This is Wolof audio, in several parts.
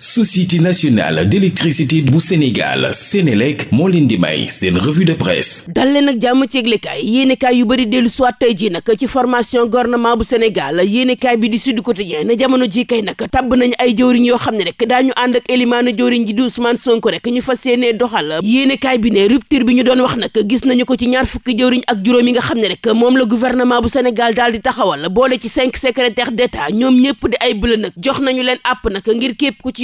société nationale d'électricité bu Sénégal Sénélec moo leen di may seen revue de presse dal leen ak jàmm ci yëglekaay yéenekaay yu bëri dellu soit tey ji nag ci formation gouvernement bu Sénégal yéenekaay bi di Sud Quotidien na jamono ji kay nag tabb nañ ay jëwriñ yoo xam ne rek daañu ànd ak élimaanu jëwriñ ji di Ousmane Sonko rek ñu fas yéenee doxal yéenekaay bi ne rupture bi ñu doon wax nag gis nañu ko ci ñaar fukki jëwriñ ak juróom yi nga xam ne rek moom la gouvernement bu Sénégal daal di taxawal boole ci cinq secrétaires d'État ñoom ñëpp di ay bëla nag jox nañu leen àpp nag ngir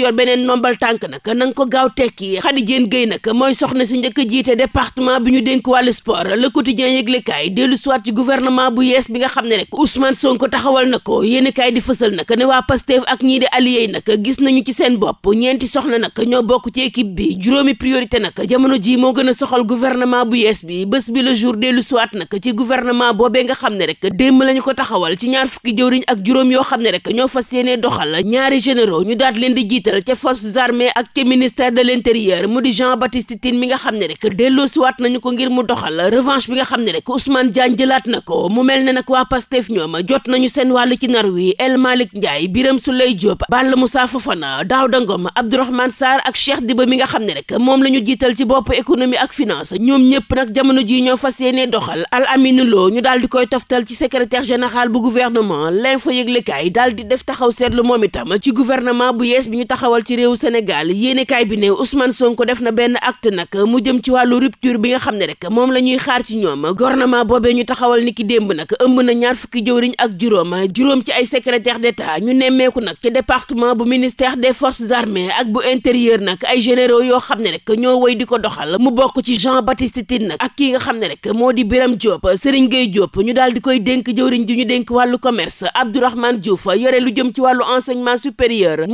yor beneen nombal tànk nag na nga ko gaaw tekki Khady Diène Gaye nag mooy soxna si njëkk jiite département bi ñu dénk wàllu sport le quotidien yëglekaay dellu soit ci gouvernement bu yees bi nga xam ne rek Ousmane Sonko taxawal na ko yéen kaay di fësal nag ne waa Pastef ak ñii di alliés nag gis nañu ci seen bopp ñeenti soxna nag ñoo bokk ci équipe bi juróomi priorité nag jamono ji moo gën a soxal gouvernement bu yees bi bés bi le jour dellu soit nag ci gouvernement boobee nga xam ne rek démb lañu ko taxawal ci ñaar fukki jëwriñ ak juróom yoo xam ne rek ñoo fas yéenee doxal ñaari généraux ñu daat leen di jiital leader ca forces armées ak ca ministère de l'intérieur mu di Jean Baptiste Tine mi nga xam ne rek delloosiwaat nañu ko ngir mu doxal revanche bi nga xam ne rek Ousmane Diagne jëlaat na ko mu mel ne nag waa Pastef ñoom jot nañu seen wàll ci nar wi El Malick Ndiaye Birame Souleye Diop Balla Moussa Fofana Daouda Ngom Abdourahmane ak Cheikh Diba mi nga xam ne rek moom la ñu jiital ci bopp économie ak finance ñoom ñëpp nag jamono ji ñoo fas yéene doxal Al Amine Lo ñu daal di koy toftal ci secrétaire général bu gouvernement l'info yëglekaay daal di def taxaw seetlu moom itam ci gouvernement bu yees bi ñu tax taxawal ci réew Sénégal yéenekaay bi ne Ousmane Sonko def na benn acte nag mu jëm ci wàllu rupture bi nga xam ne rek moom la ñuy xaar ci ñoom gouvernement boobee ñu taxawal ni ki démb nag ëmb na ñaar fukki jëwriñ ak juróom juróom ci ay secrétaire d'État ñu nemmeeku nag ci département bu ministère des forces armées ak bu intérieur nag ay généraux yoo xam ne rek ñoo wéy di ko doxal mu bokk ci Jean Baptiste Tine nag ak ki nga xam ne rek moo di Biram Diop Serigne Gueye Diop ñu daal di koy dénk jëwriñ ji ñu dénk wàllu commerce Abdourahmane Diouf yore lu jëm ci wàllu enseignement supérieur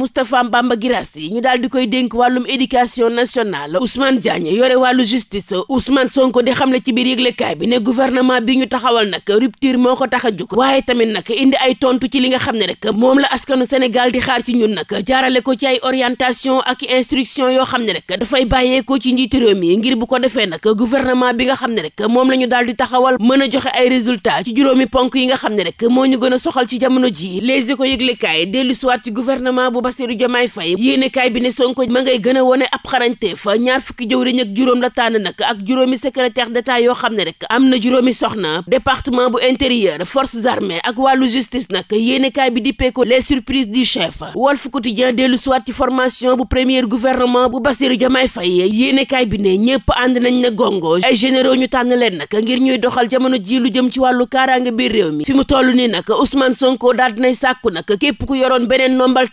Bamba Girassi ñu daal di koy dénk wàllum éducation nationale Ousmane Diagne yore wàllu justice Ousmane Sonko di xam xamle ci biir yëglekaay bi ne gouvernement bi ñu taxawal nag rupture moo ko tax a jug waaye tamit nag indi ay tontu ci li nga xam ne rek moom la askanu Sénégal di xaar ci ñun nag jaarale ko ci ay orientation ak instruction yoo xam ne rek dafay bàyyeekoo ci njiitu réew mi ngir bu ko defee nag gouvernement bi nga xam ne rek moom la ñu daal di taxawal mën a joxe ay résultats ci juróomi ponk yi nga xam ne rek moo ñu gën a soxal ci jamono ji les éco yëglekaay dellu siwaat ci gouvernement bu Bassirou Diomaye Faye fay yéenekaay bi ne Sonko ma ngay gën a wone ab xarañteef ñaar fukki jëwriñ ak juróom la tànn nag ak juróomi secrétaire d'état yoo xam ne rek am na juróomi soxna département bu intérieur forces armées ak wàllu justice nag yéenekaay bi di peeko les surprises du chef Walf Quotidien dellu soit ci formation bu premier gouvernement bu Bassirou Diomaye Faye yéenekaay bi ne ñëpp ànd nañ na gongo ay généraux ñu tànn leen nag ngir ñuy doxal jamono ji lu jëm ci wàllu kaaraange biir réew mi fi mu toll nii nag Ousmane Sonko daal dinay sàkku nag képp ku yoroon beneen nombal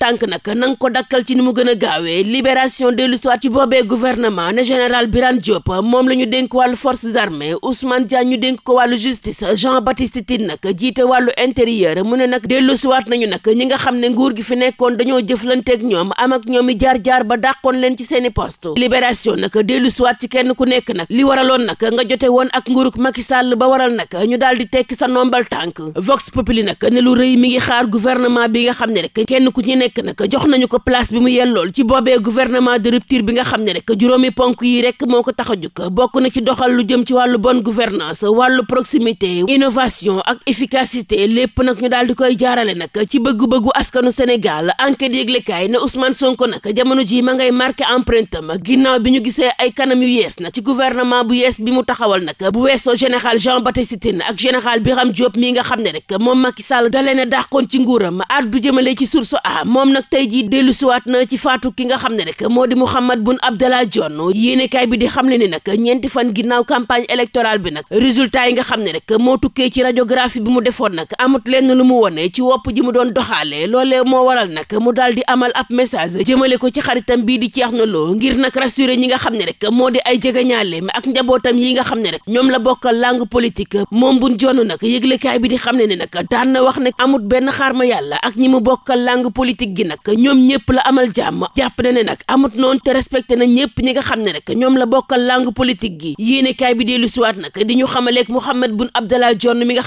jeexal ci ni mu gën a gaawee libération de l'histoire ci boobee gouvernement ne général Birane Diop moom la ñu dénk wàllu forces armées Ousmane Diagne ñu dénk ko wàllu justice Jean Baptiste Tine nag jiite wàllu intérieur mu ne nag dellu siwaat nañu nag ñi nga xam ne nguur gi fi nekkoon dañoo jëflanteeg ñoom am ak ñoom i jaar-jaar ba dàqoon leen ci seeni poste libération nag dellu waat ci kenn ku nekk nag li waraloon nag nga jote woon ak mag Macky sàll ba waral nag ñu daal di tekki sa nombal tànk Vox Populi nag ne lu rëy mi ngi xaar gouvernement bi nga xam ne rek ku ci nekk nag jox nañu place bi mu yellool ci boobee gouvernement de rupture bi nga xam ne rek juróomi ponk yi rek moo ko tax a bokk na ci doxal lu jëm ci wàllu bonne gouvernance wàllu proximité innovation ak efficacité lépp nag ñu daal di koy jaarale nag ci bëgg-bëggu askanu Sénégal enquête yëglekaay ne Ousmane Sonko nag jamono ji ma ngay marqué empreinte am ginnaaw bi ñu gisee ay kanam yu yees na ci gouvernement bu yees bi mu taxawal nag bu weesoo général Jean Baptiste Tine ak général Birame Diop mi nga xam ne rek moom Macky Sall dalee na dàqoon ci nguuram addu ci source a moom nag tey jii dellu si waat ñëwaat na ci faatu ki nga xam ne rek moo di Mouhamed Boun Abdallah Dionne yéenekaay bi di xam ne ni nag ñeenti fan ginnaaw campagne électorale bi nag résultat yi nga xam ne rek moo tukkee ci radiographie bi mu defoon nag amut lenn lu mu wone ci wopp ji mu doon doxaale loolee moo waral nag mu daal di amal ab message jëmale ko ci xaritam bii di Thierno Lo ngir nag rassurer ñi nga xam ne rek moo di ay jegeñaaleem ak njabootam yi nga xam ne rek ñoom la bokkal langue politique moom Boun Dionne nag yëglekaay bi di xam ne ni nag daan na wax ne amut benn xaar ma yàlla ak ñi mu bokkal langue politique gi nag ñoom ñëpp la amal jàmm jàpp na ne nag amut noonu te respecté na ñëpp ñi nga xam ne rek ñoom la bokkal langue politique gi yéenekaay bi dellu siwaat nag di ñu xamaleeg Mouhamed Boun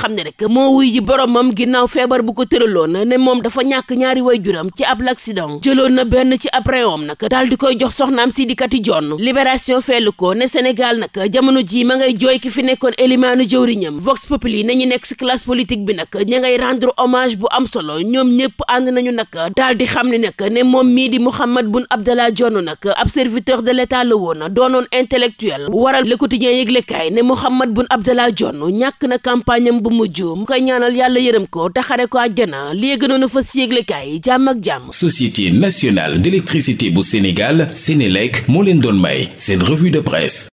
xam ne rek moo wuy ji boromam ginnaaw feebar bu ko tëraloon ne moom dafa ñàkk ñaari waajuram ci ab l'accident jëloon na benn ci ab réewam nag daal di koy jox soxnaam Sidi Kati Dionne feelu ko ne Sénégal nag jamono ji ma ngay jooy ki fi nekkoon élimaanu jëwriñam Vox Populi nañu bi nag ña ngay rendre hommage bu am ne nag moom mii di Mouhamed Boun Abdallah Dionne nag ab serviteur de l'État la woon doonoon intellectuel waral Le Quotidien yëglekaay ne Mouhamed Boun Abdallah Dionne ñàkk na campagne am bu mujj mu koy ñaanal yàlla yërëm ko te xare ko àjjana li gënoon a fas yëglekaay jàmm ak jàmm. Société nationale d'électricité bu Sénégal Sénélec moo leen doon may seen revue de presse.